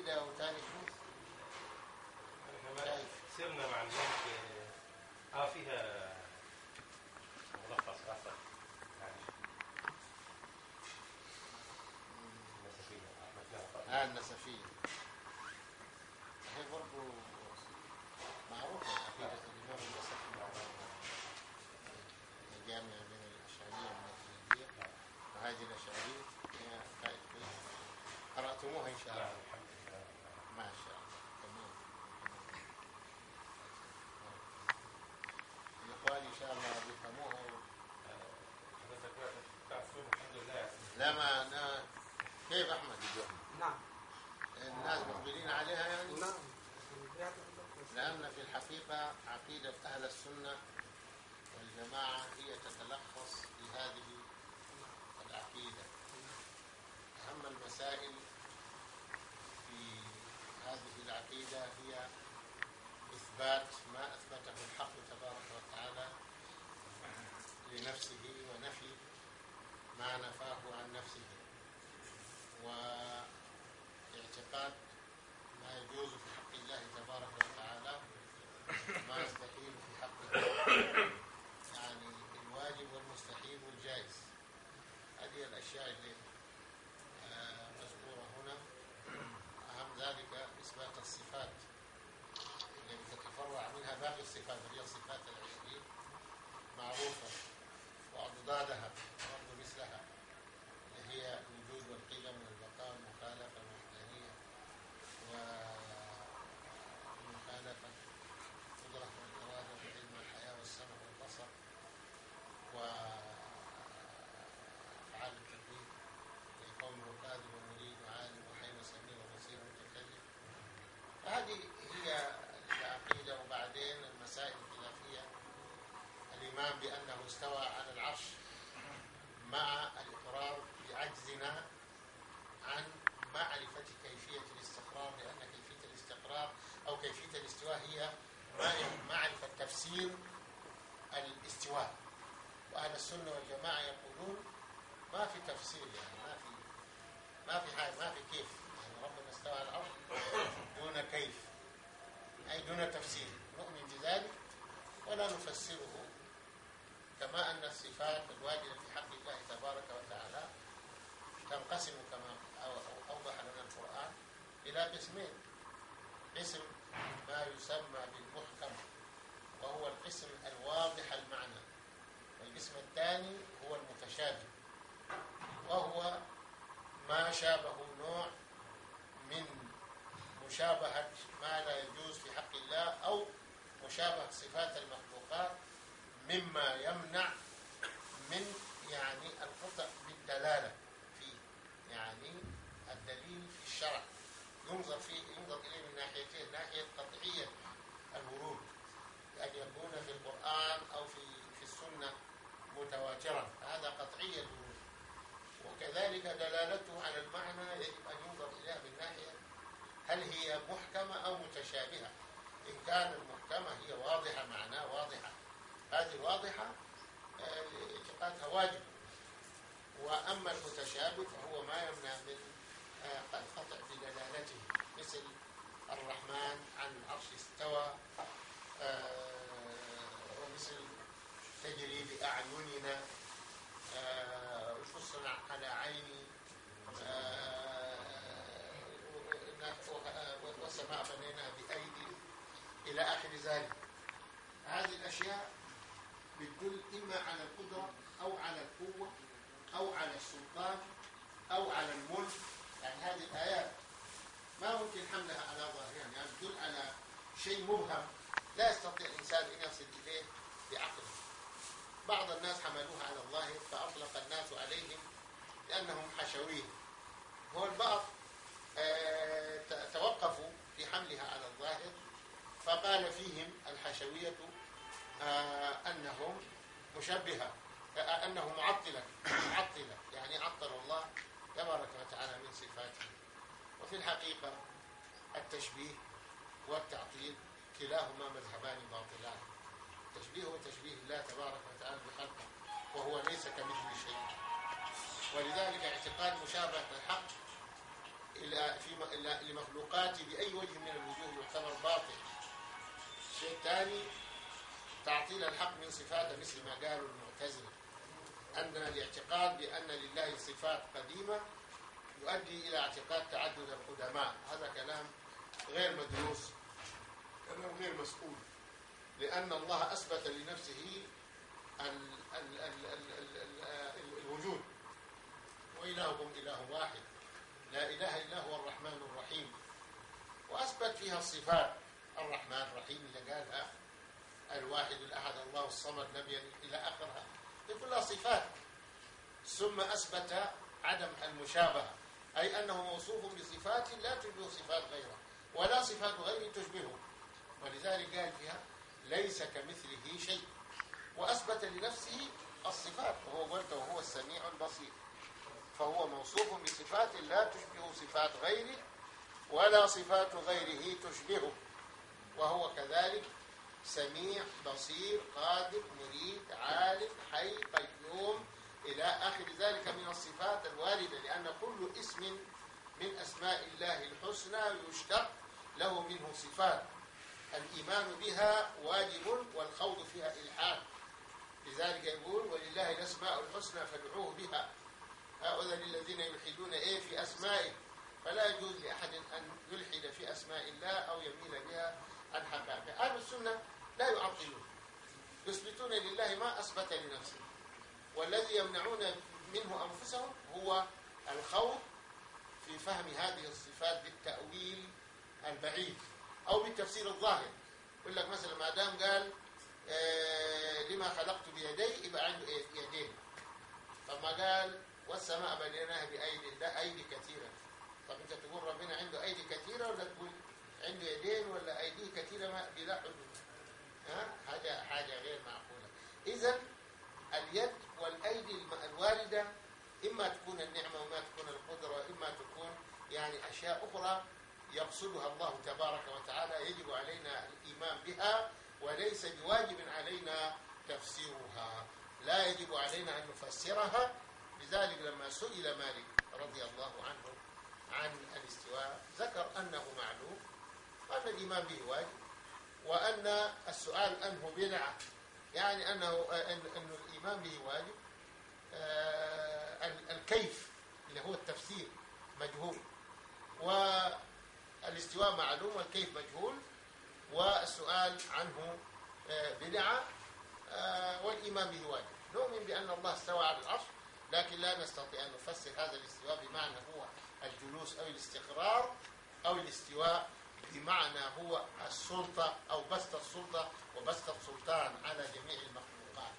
Vida Organic كيف احمد نعم الناس مقبلين عليها يعني نعم لان في الحقيقه عقيده اهل السنه والجماعه هي تتلخص في هذه العقيده اهم المسائل في هذه العقيده هي اثبات ما اثبته الحق تبارك وتعالى لنفسه ونفي ما نفاه عن نفسه واعتقاد ما يجوز في حق الله تبارك وتعالى ما يستحيل في حق يعني الواجب والمستحيل والجائز هذه الأشياء اللي آه، مذكورة هنا أهم ذلك إثبات الصفات التي تتفرع منها باقي الصفات هي الصفات العشرين معروفة وأضدادها كيفية الاستواء هي معرفة تفسير الاستواء وأهل السنة والجماعة يقولون ما في تفسير يعني ما في ما في حاجة ما في كيف يعني ربنا استوى على الأرض دون كيف أي دون تفسير نؤمن بذلك ولا نفسره كما أن الصفات الواجبة في حق الله تبارك وتعالى تنقسم كما أوضح لنا القرآن إلى قسمين قسم ما يسمى بالمحكم وهو القسم الواضح المعنى والقسم الثاني هو المتشابه وهو ما شابه نوع من مشابهة ما لا يجوز في حق الله أو مشابهة صفات المخلوقات مما يمنع من يعني الخطأ بالدلالة فيه يعني الدليل في الشرع ينظر فيه ينظر إليه من ناحيتين ناحية قطعية الورود أن يكون في القرآن أو في في السنة متواترا هذا قطعية الورود وكذلك دلالته على المعنى يجب أن ينظر إليها من ناحية هل هي محكمة أو متشابهة إن كان المحكمة هي واضحة معناه واضحة هذه الواضحة آه، اعتقادها واجب وأما الرحمن عن العرش استوى آه، ومثل تجري بأعيننا آه، وفصل على عيني آه، والسماء بنينا بأيدي إلى آخر ذلك هذه الأشياء بتدل إما على القدرة أو على القوة أو على السلطان أو على الملك يعني هذه الآيات ما ممكن حملها على ظاهرها يعني تدل على شيء مبهم لا يستطيع الإنسان أن يصل إليه بعقله بعض الناس حملوها على الظاهر فأطلق الناس عليهم لأنهم حشويه هو البعض آه، توقفوا في حملها على الظاهر فقال فيهم الحشوية آه، أنهم مشبهة انهم أنه معطلا معطلا يعني عطل الله تبارك وتعالى من صفاته وفي الحقيقة التشبيه والتعطيل كلاهما مذهبان باطلان التشبيه هو تشبيه الله تبارك وتعالى بخلقه وهو ليس كمثل شيء ولذلك اعتقاد مشابهة الحق إلى في إلى لمخلوقاته بأي وجه من الوجوه يعتبر باطل الشيء الثاني تعطيل الحق من صفاته مثل ما قالوا المعتزلة أن الاعتقاد بأن لله صفات قديمة يؤدي إلى اعتقاد تعدد القدماء هذا كلام غير مدروس كلام غير مسؤول لأن الله أثبت لنفسه الوجود وإلهكم إله واحد لا إله إلا هو الرحمن الرحيم وأثبت فيها الصفات الرحمن الرحيم اللي قالها الواحد الأحد الله الصمد نبيا إلى آخرها كلها صفات ثم أثبت عدم المشابهة أي أنه موصوف بصفات لا تشبه صفات غيره ولا صفات غيره تشبهه ولذلك قال فيها ليس كمثله شيء وأثبت لنفسه الصفات وهو قلت وهو السميع البصير فهو موصوف بصفات لا تشبه صفات غيره ولا صفات غيره تشبهه وهو كذلك سميع بصير قادر مريد عالم حي قيوم إلى آخر ذلك من الصفات الواردة لأن كل اسم من أسماء الله الحسنى يشتق له منه صفات الإيمان بها واجب والخوض فيها إلحاد لذلك يقول ولله الأسماء الحسنى فادعوه بها هؤلاء الذين يلحدون إيه في أسمائه فلا يجوز لأحد أن يلحد في أسماء الله أو يميل بها عن حقائقه أهل السنة لا يعطلون يثبتون لله ما أثبت لنفسه والذي يمنعون منه أنفسهم هو الخوض في فهم هذه الصفات بالتأويل البعيد أو بالتفسير الظاهر يقول لك مثلا ما دام قال آه، لما خلقت بيدي يبقى عنده إيه؟ يدين طب ما قال والسماء بنيناها بأيدي ده أيدي كثيرة طب أنت تقول ربنا عنده أيدي كثيرة ولا تقول عنده يدين ولا أيديه كثيرة ما بلا حدود ها حاجة حاجة غير معقولة إذا اليد والأيدي الواردة إما تكون النعمة وما تكون القدرة إما تكون يعني أشياء أخرى يقصدها الله تبارك وتعالى يجب علينا الإيمان بها وليس بواجب علينا تفسيرها لا يجب علينا أن نفسرها لذلك لما سئل مالك رضي الله عنه عن الاستواء ذكر أنه معلوم وأن الإيمان به واجب وأن السؤال أنه بدعة يعني أنه آه، أن الإيمان به واجب آه، الكيف اللي هو التفسير مجهول والاستواء معلوم والكيف مجهول والسؤال عنه آه، بدعة والإيمان به واجب نؤمن بأن الله استوى على العرش لكن لا نستطيع أن نفسر هذا الاستواء بمعنى هو الجلوس أو الاستقرار أو الاستواء بمعنى هو السلطة أو بسط السلطة وبسط السلطان على جميع المخلوقات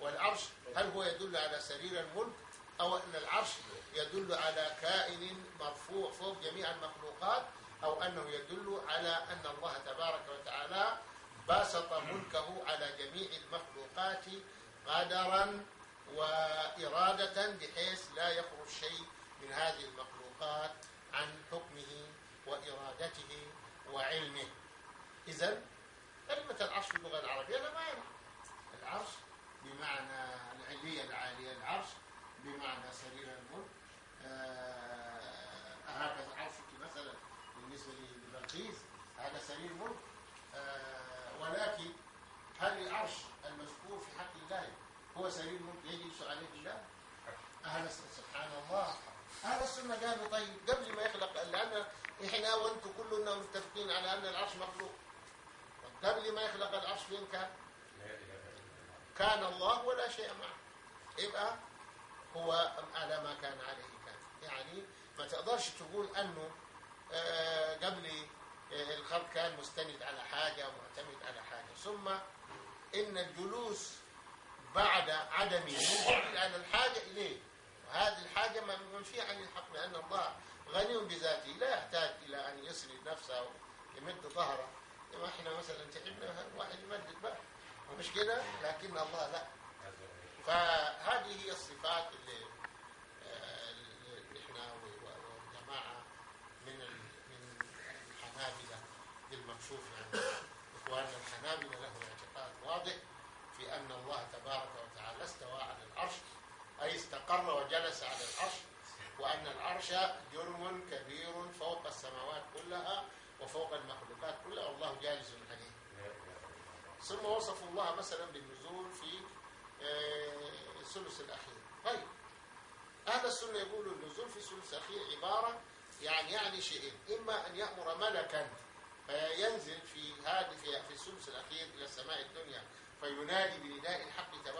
والعرش هل هو يدل على سرير الملك أو أن العرش يدل على كائن مرفوع فوق جميع المخلوقات أو أنه يدل على أن الله تبارك وتعالى باسط ملكه على جميع المخلوقات قدرا وإرادة بحيث لا يخرج شيء من هذه المخلوقات عن حكمه وإرادته وعلمه إذا كلمة العرش في اللغة العربية لا معنى العرش بمعنى العلية العالية العرش بمعنى سرير الملك آه، هكذا عرشك مثلا بالنسبة لبلقيس هذا سرير ملك آه ولكن هل العرش المذكور في حق الله هو سرير ملك يجلس عليه الله؟ هذا سبحان الله هذا السنة قالوا طيب قبل ما يخلق لأن احنا وانتم كلنا متفقين على ان العرش مخلوق قبل ما يخلق العرش فين كان؟ كان الله ولا شيء معه يبقى هو على ما كان عليه كان يعني ما تقدرش تقول انه آه، قبل آه، الخلق كان مستند على حاجة معتمد على حاجة ثم إن الجلوس بعد عدم على الحاجة إليه وهذه الحاجة منفية عن الحق لأن الله غني بذاته لا يحتاج إلى أن يسرد نفسه يمد ظهره إما إحنا مثلا تعبنا واحد يمدد بقى ومش كده لكن الله لا مثلا بالنزول في آه، الثلث الأخير طيب أهل السنة يقول النزول في الثلث الأخير عبارة يعني يعني شيئين إما أن يأمر ملكا فينزل في هذه في الثلث الأخير إلى السماء الدنيا فينادي بنداء الحق تبارك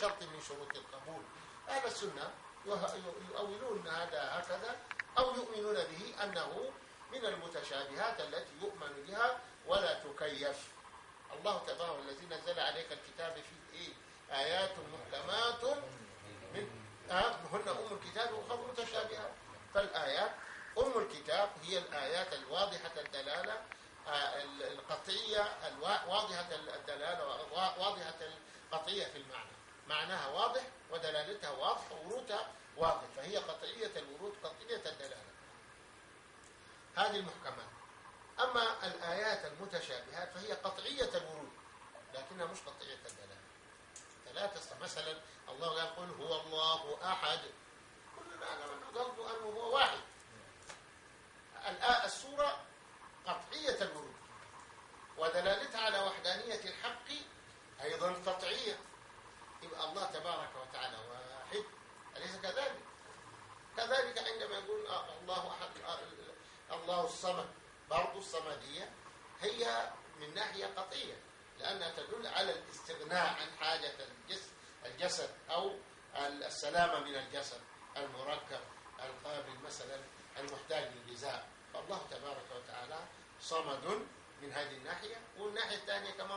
شرط من شروط القبول أهل السنة يؤولون هذا هكذا أو يؤمنون به أنه من المتشابهات التي يؤمن بها ولا تكيف الله تبارك الذي نزل عليك الكتاب فيه إيه؟ آيات محكمات من هن أم الكتاب وأخر متشابهات فالآيات أم الكتاب هي الآيات الواضحة الدلالة آه، القطعية الواضحة الدلالة واضحة القطعية في المعنى معناها واضح ودلالتها واضحة وورودها واضح فهي قطعية الورود قطعية الدلالة هذه المحكمات أما الآيات المتشابهات فهي قطعية الورود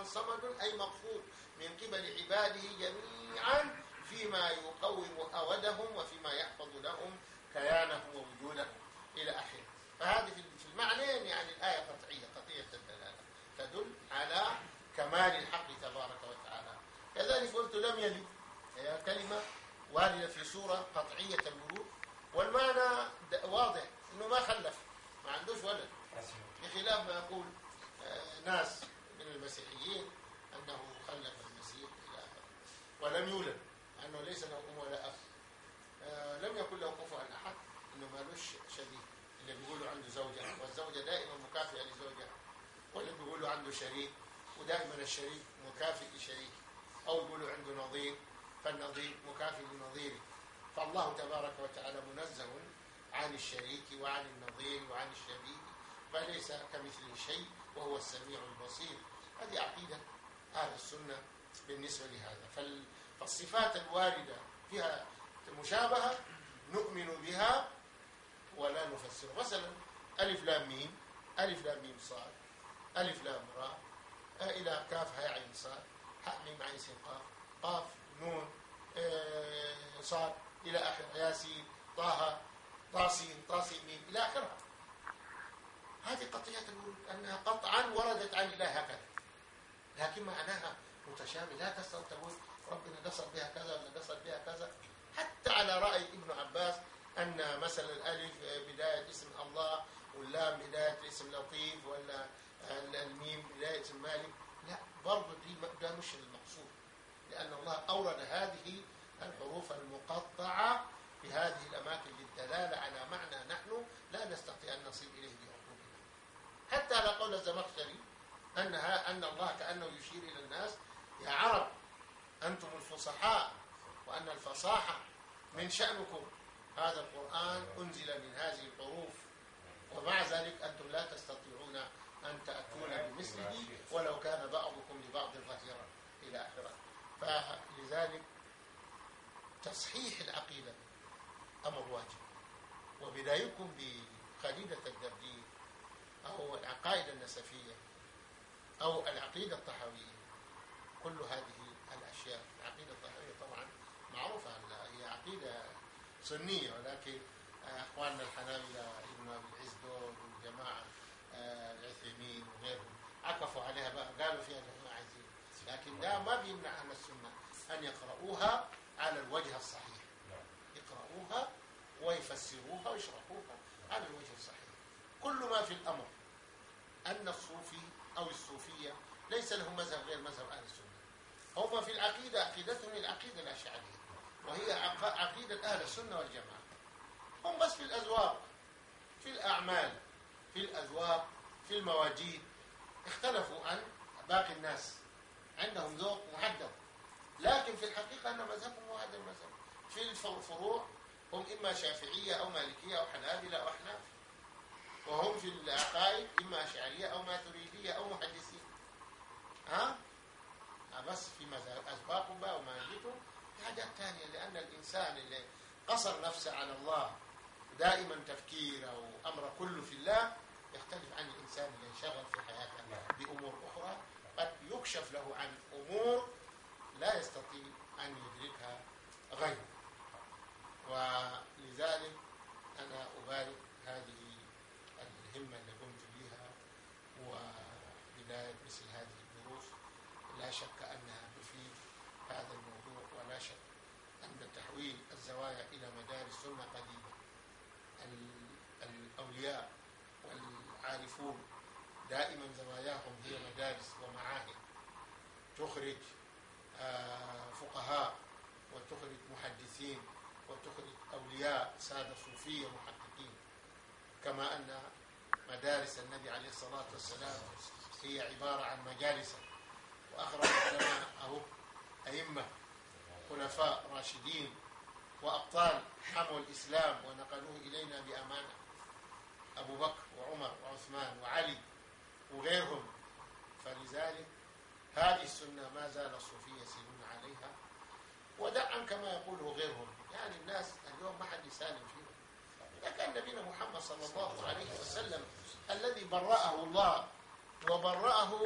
صمد أي مقصود من قبل عباده جميعا فيما يقوم أودهم وفيما يحفظ لهم كيانهم ووجودهم إلى آخره فهذه في المعنى يعني الآية قطعية قطعية الدلالة تدل على كمال الحق تبارك وتعالى كذلك قلت لم يلد هي كلمة واردة في سورة قطعية الورود والمعنى واضح انه ما خلف ما عندوش ولد بخلاف ما يقول آه، ناس المسيحيين أنه خلف المسيح إلى آخره ولم يولد أنه ليس له أم ولا اخ آه، لم يكن له كفوا أحد أنه مالوش شريك اللي بيقولوا عنده زوجة والزوجة دائما مكافئة لزوجها واللي بيقولوا عنده شريك ودائما الشريك مكافئ لشريكه أو يقولوا عنده نظير فالنظير مكافئ لنظيره فالله تبارك وتعالى منزه عن الشريك وعن النظير وعن الشبيه فليس كمثله شيء وهو السميع البصير هذه عقيدة أهل السنة بالنسبة لهذا فالصفات الواردة فيها مشابهة نؤمن بها ولا نفسر مثلا ألف لام ميم ألف لام ميم صاد ألف لام راء إلى كاف هاء عين صاد حاء ميم عين سين قاف قاف نون آه، صاد إلى آخر ياسين طه طاسين طاسين ميم إلى آخرها هذه قطيعة الورود أنها قطعا وردت عن الله هكذا لكن معناها متشابه لا تستطيع تقول ربنا قصد بها كذا ولا قصد بها كذا حتى على رأي ابن عباس أن مثلا الألف بداية اسم الله واللام بداية اسم لطيف ولا الميم بداية اسم مالك لا برضه دي ده مش المقصود لأن الله أورد هذه الحروف المقطعة في هذه الأماكن للدلالة على معنى نحن لا نستطيع أن نصل إليه بعقولنا حتى على قول الزمخشري أنها أن الله كأنه يشير إلى الناس يا عرب أنتم الفصحاء وأن الفصاحة من شأنكم هذا القرآن أنزل من هذه الحروف ومع ذلك أنتم لا تستطيعون أن تأتون بمثله ولو كان بعضكم لبعض ظهيرا إلى آخره فلذلك تصحيح العقيدة أمر واجب وبدايكم بخليدة الدردين أو العقائد النسفية أو العقيدة الطحاوية كل هذه الأشياء العقيدة الطحاوية طبعا معروفة هي عقيدة سنية ولكن أخواننا الحنابلة ابن أبي العز دول والجماعة آه، العثيمين وغيرهم عكفوا عليها بقى قالوا فيها نحن عايزين لكن ده ما بيمنع أهل السنة أن يقرؤوها على الوجه الصحيح يقرؤوها ويفسروها ويشرحوها على الوجه الصحيح كل ما في الأمر أن الصوفي أو الصوفية ليس لهم مذهب غير مذهب أهل السنة هم في العقيدة عقيدتهم العقيدة الأشعرية وهي عقيدة أهل السنة والجماعة هم بس في الأذواق في الأعمال في الأذواق في المواجيد اختلفوا عن باقي الناس عندهم ذوق محدد لكن في الحقيقة أن مذهبهم واحد المذهب في الفروع هم إما شافعية أو مالكية أو حنابلة أو أحناف وهم في العقائد إما أشعرية أو ماتريدية أو محدثين ها بس في أسباق أسباقهم بقى في حاجات ثانية لأن الإنسان اللي قصر نفسه على الله دائما تفكيره وأمره كله في الله يختلف عن الإنسان اللي انشغل في حياته بأمور أخرى قد يكشف له عن أمور تخرج آه، فقهاء وتخرج محدثين وتخرج أولياء سادة صوفية محققين كما أن مدارس النبي عليه الصلاة والسلام هي عبارة عن مجالس وأخرج لنا أئمة خلفاء راشدين وأبطال حموا الإسلام ونقلوه إلينا بأمانة أبو بكر وعمر وعثمان وعلي وغيرهم فلذلك هذه السنة ما زال الصوفية يسيرون عليها ودعا كما يقوله غيرهم يعني الناس اليوم ما حد يسالم فيهم إذا كان نبينا محمد صلى الله عليه وسلم الذي برأه الله وبرأه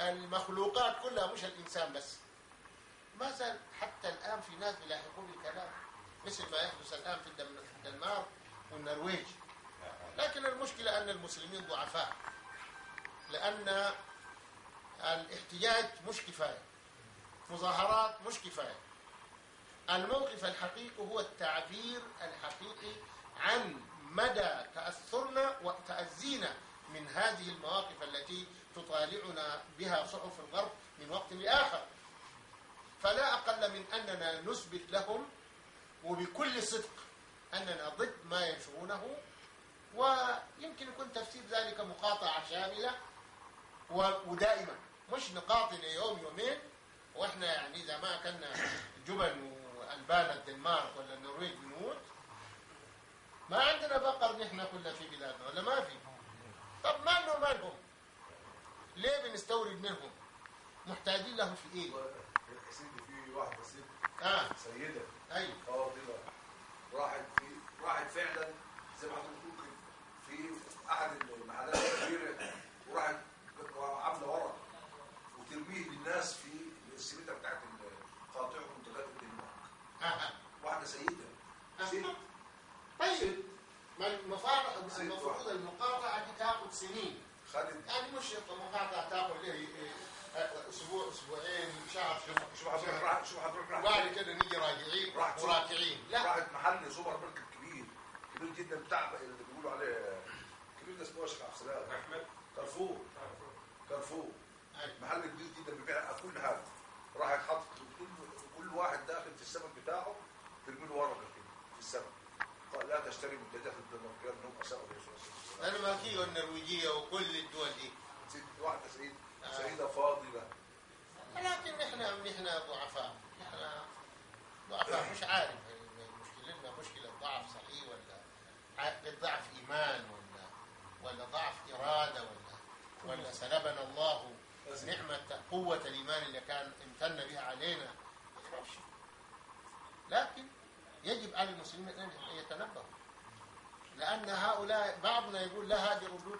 المخلوقات كلها مش الإنسان بس ما زال حتى الآن في ناس يلاحقون الكلام مثل ما يحدث الآن في الدنمارك والنرويج لكن المشكلة أن المسلمين ضعفاء لأن الاحتجاج مش كفاية مظاهرات مش كفاية الموقف الحقيقي هو التعبير الحقيقي عن مدى تأثرنا وتأذينا من هذه المواقف التي تطالعنا بها صحف الغرب من وقت لآخر فلا أقل من أننا نثبت لهم وبكل صدق أننا ضد ما ينشرونه ويمكن يكون تفسير ذلك مقاطعة شاملة ودائما مش نقاطي ليوم يومين واحنا يعني اذا ما اكلنا جبن والبان الدنمارك ولا النرويج نموت ما عندنا بقر نحن كلها في بلادنا ولا ما في طب مالنا ومالهم ليه بنستورد منهم محتاجين لهم في ايه سيدي في واحده ست اه سيده ايوه اه راحت في راحت فعلا زي ما حضرتك بتقول في احد المحلات طيب ما المفروض المقاطعة تاخذ سنين خالد يعني مش مقاطعة تاخذ ايه اسبوع اسبوعين شهر شو حضرتك شو حضرتك وبعد كده نيجي راجعين وراكعين لا راحت محل سوبر ماركت كبير كبير جدا بتاع اللي بيقولوا عليه كبير ده اسمه اشرف عبد النرويجية وكل الدول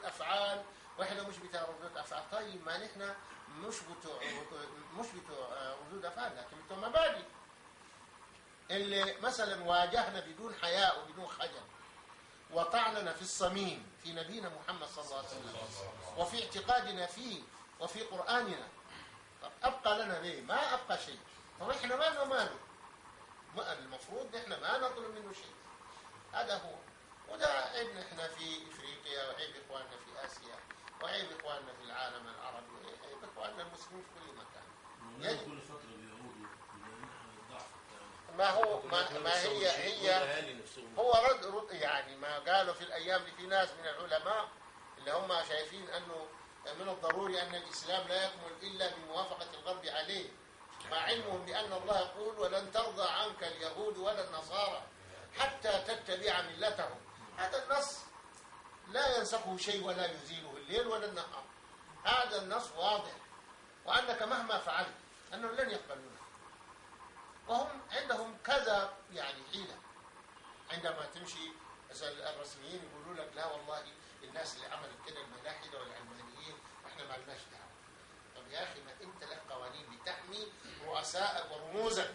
افعال واحنا مش بتاع ردود افعال طيب ما نحن مش بتوع مش بتوع ردود آه، افعال لكن بتوع مبادئ اللي مثلا واجهنا بدون حياء وبدون خجل وطعننا في الصميم في نبينا محمد صلى الله عليه وسلم وفي اعتقادنا فيه وفي قرآننا طب أبقى لنا ليه؟ ما أبقى شيء طب إحنا ما ماله ما المفروض إحنا ما نطلب منه شيء هذا هو وده إحنا في في افريقيا وعيب اخواننا في اسيا وعيب اخواننا في العالم العربي وعيب اخواننا المسلمين في كل مكان كل فتره بيعودوا ما هو ما, ما هي هي هو رد, رد يعني ما قالوا في الايام اللي في ناس من العلماء اللي هم شايفين انه من الضروري ان الاسلام لا يكمل الا بموافقه الغرب عليه مع علمهم بان الله يقول ولن ترضى عنك اليهود ولا النصارى حتى تتبع ملتهم هذا النص لا ينسقه شيء ولا يزيله الليل ولا النهار هذا النص واضح وأنك مهما فعلت أنهم لن يقبلونه وهم عندهم كذا يعني حيلة عندما تمشي مثلا الرسميين يقولوا لك لا والله الناس اللي عملت كده الملاحدة والعلمانيين احنا ما لناش دعوة طب يا أخي ما أنت لك قوانين بتحمي رؤسائك ورموزك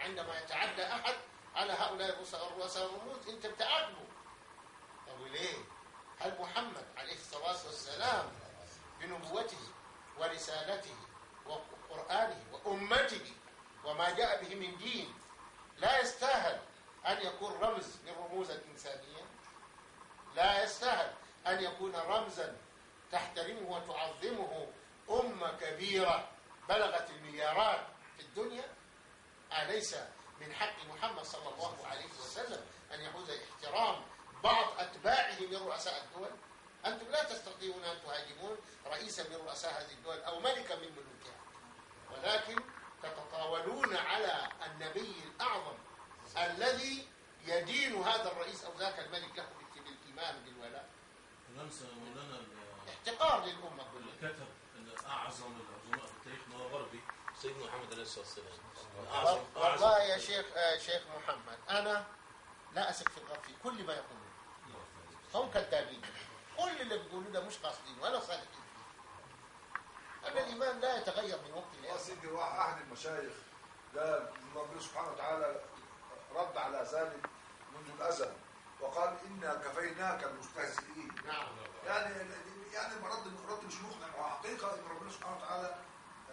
عندما يتعدى أحد على هؤلاء الرؤساء والرموز أنت بتعاقبه طب وليه؟ محمد صلى الله عليه وسلم أن يحوز احترام بعض أتباعه من رؤساء الدول أنتم لا تستطيعون أن تهاجمون رئيسا من رؤساء هذه الدول أو ملكا من ملوكها ولكن تتطاولون على النبي الأعظم الذي يدين هذا الرئيس أو ذاك الملك له بالإيمان بالولاء احتقار للأمة كلها كتب أن أعظم العظماء في التاريخ ما غربي سيدنا محمد عليه الصلاه والسلام والله يا شيخ آه، شيخ محمد انا لا اثق في في كل ما يقولون هم كذابين كل اللي بيقولوا ده مش قاصدين ولا صادقين فيه ان الايمان لا يتغير من وقت لاخر سيدي احد المشايخ ده ربنا سبحانه وتعالى رد على ذلك منذ الازل وقال انا كفيناك المستهزئين نعم يعني يعني رد مش شيوخنا وحقيقه ان ربنا سبحانه وتعالى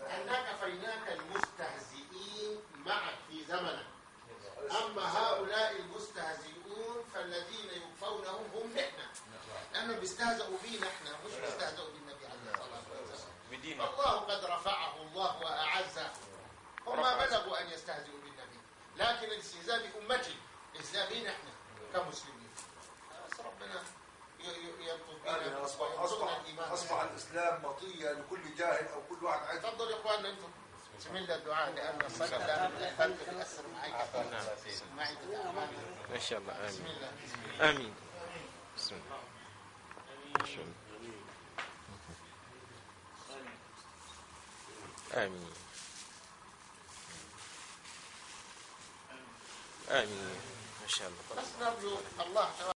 أنك كفيناك المستهزئين معك في زمنك أما هؤلاء المستهزئون فالذين يكفونهم هم نحن لأنه بيستهزئوا بينا نحن مش بيستهزئوا بالنبي عليه الصلاة والسلام بدينه الله قد رفعه الله وأعزه هم ما بلغوا أن يستهزئوا بالنبي لكن الاستهزاء بأمتي استهزاء بينا نحن كمسلمين أصبح الإسلام مطية لكل جاهل أو كل واحد عايز تفضل يا إخواننا أنتم بسم الله الدعاء لأن الصلاة لا تأثر معي معي إن شاء الله آمين آمين بسم الله آمين آمين آمين آمين ما شاء الله بس نرجو الله